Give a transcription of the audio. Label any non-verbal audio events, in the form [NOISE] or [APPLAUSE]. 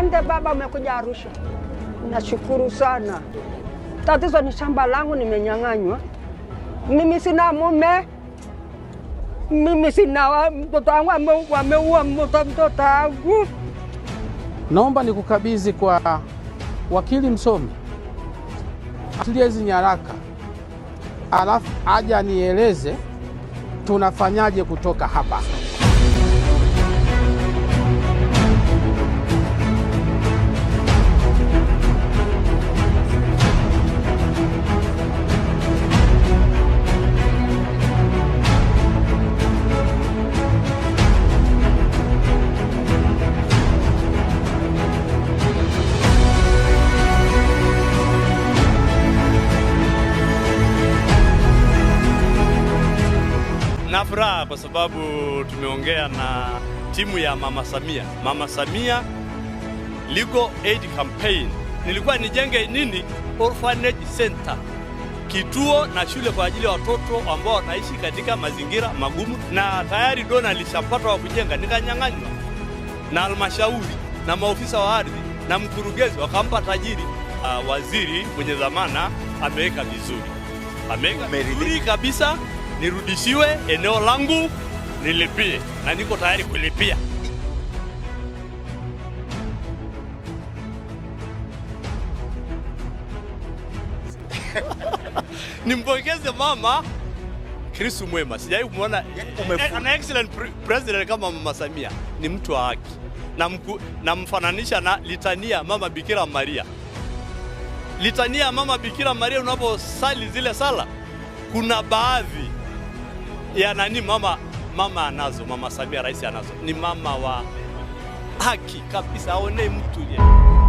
Asante baba, umekuja Arusha, nashukuru sana. Tatizo ni shamba langu nimenyang'anywa. Mimi sina mume, mimi sina mtoto wangu, wameua mtoto wangu. Naomba nikukabidhi kwa wakili msomi atulie hizi nyaraka, alafu aje anieleze tunafanyaje kutoka hapa. na furaha kwa sababu tumeongea na timu ya Mama Samia, Mama Samia Legal Aid Campaign. Nilikuwa nijenge nini, orphanage center, kituo na shule kwa ajili ya watoto ambao wanaishi katika mazingira magumu, na tayari dona lishapata wa kujenga, nikanyang'anywa na halmashauri na maofisa wa ardhi na mkurugenzi, wakampa tajiri. Uh, waziri mwenye dhamana ameweka vizuri, ameweka vizuri kabisa nirudishiwe eneo langu nilipie, na niko tayari kulipia. [LAUGHS] Nimpongeze mama Kristo mwema, sijai kumwona eh, ana excellent president kama mama Samia. Ni mtu wa haki, namfananisha na, na litania mama Bikira Maria. Litania mama Bikira Maria, unaposali zile sala, kuna baadhi ya nani, mama mama anazo, mama Samia rais anazo, ni mama wa haki kabisa, aonee mtu yeye.